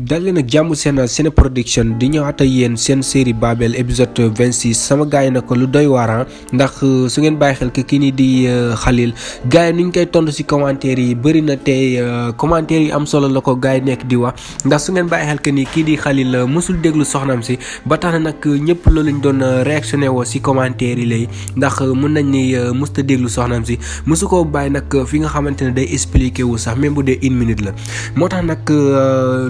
dal leen ak jàmm seen seen production di ñëwaat ak yéen seen série Babel épisode vingt six sama gars na ko lu doy waar ah, ndax euh, su ngeen bàyyi xel que kii nii di euh, Khalil gars yi nu ñu koy tontu ci commentaire yi bëri na tey euh, commentaire yi am solo la ko gars yi nekk di wax ndax su ngeen bàyyi que ni kii di Khalil mosul déglu soxnaam si ba tax na nag ñëpp loolu lañ doon réactionné woo si commentaire yi lay ndax mun nañ ni musta déglu soxnaam si mosu koo bàyyi nag fi nga xamante ne day expliqué wu sax même bu dee une la moo tax nag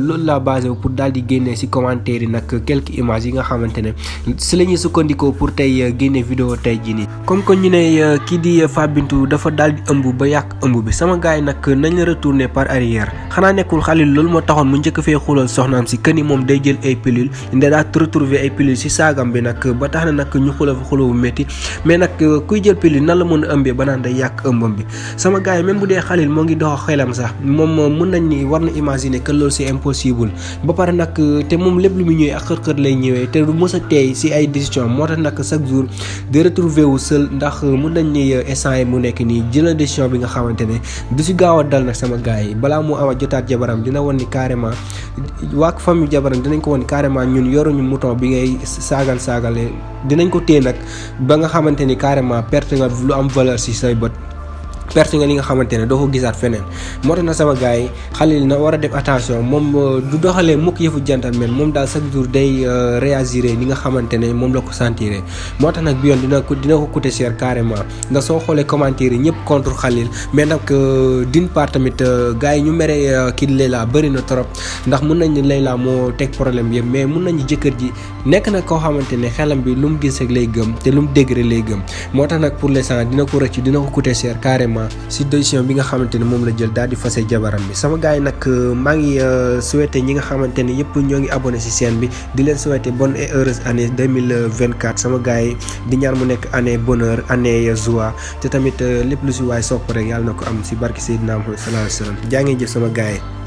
loolu la basé wu pour daal di génne si commentaire yi nag quelques images yi nga xamante ne si la ñuy sukkandikoo pour tey euh, génne vidéo tey ji nii comme que ñu ne euh, kii di euh, dafa daal di ëmb ba yàq ëmb bi sama gars yi nag nañ la retourner par arrière xanaa nekkul xalil loolu moo taxoon mu njëkk fee xulal soxnaam si këni moom day jël ay pilule nda daa retrouver ay pilule si saagam bi nag ba tax na nag ñu xula fa xulawu métti mais nag kuy jël pilule nan la mën a ëmbee ba naan day yàq ëmbam bi sama gars yi même bu dee xalil moo ngi dox xelam sax moom nañ ni war na imaginer que loolu impossible jubul ba pare nag te moom lépp lu muy ñëwee ak xër-xër lay ñëwee te lu mës a teey si ay décision moo tax nag chaque jour de retrouver wu seul ndax mun nañ ni instant mu nekk nii jëlal décision bi nga xamante ne du si gaaw dal nag sama gars yi balaa mu ama jotaat jabaram dina woon ni carrément waa famille jabaram dinañ ko woon carrément ñun yoruñu moto bi ngay saagal saagale dinañ ko téye nag ba nga xamante ni carrément perte nga lu am valeur si say bët perte nga li nga xamante ne doo ko gisaat feneen moo tax na sama gars yi Khalil na war a def attention moom euh, du doxalee mukk yëfu gentleman moom daal chaque jour day euh, réagir ni nga xamante ne moom la ko sentiré moo tax nag bi yoon dina ko dina ko coûter cher carrément ndax soo xoolee commentaire yi ñëpp contre Khalil mais nag euh, d'une part tamit gars yi ñu mere kii Leila bëri na trop ndax mun nañ Leila moo teg problème yëpp mais mun nañu jëkkër ji nekk na koo xamante ne xelam bi lu mu gis rek lay gëm te lu mu dégg rek lay gëm moo tax nag pour l'instant dina ko rëcc dina ko coûter cher vraiment si décision bi nga xamante ne moom la jël daal di fase jabaram bi sama gars yi nag euh, maa ngi euh, souhaité ñi nga xamante ne yëpp ñoo ngi abonné si seen bi di leen souhaité bonne deux mille vingt 2024 sama gars yi di ñaar mu nekk année bonheur année euh, joie te tamit lépp lu si waay sopp rek yàlla na ko am si barki Seydina Muhammad sallallahu alayhi wa jaa ngeen jëf sama gars yi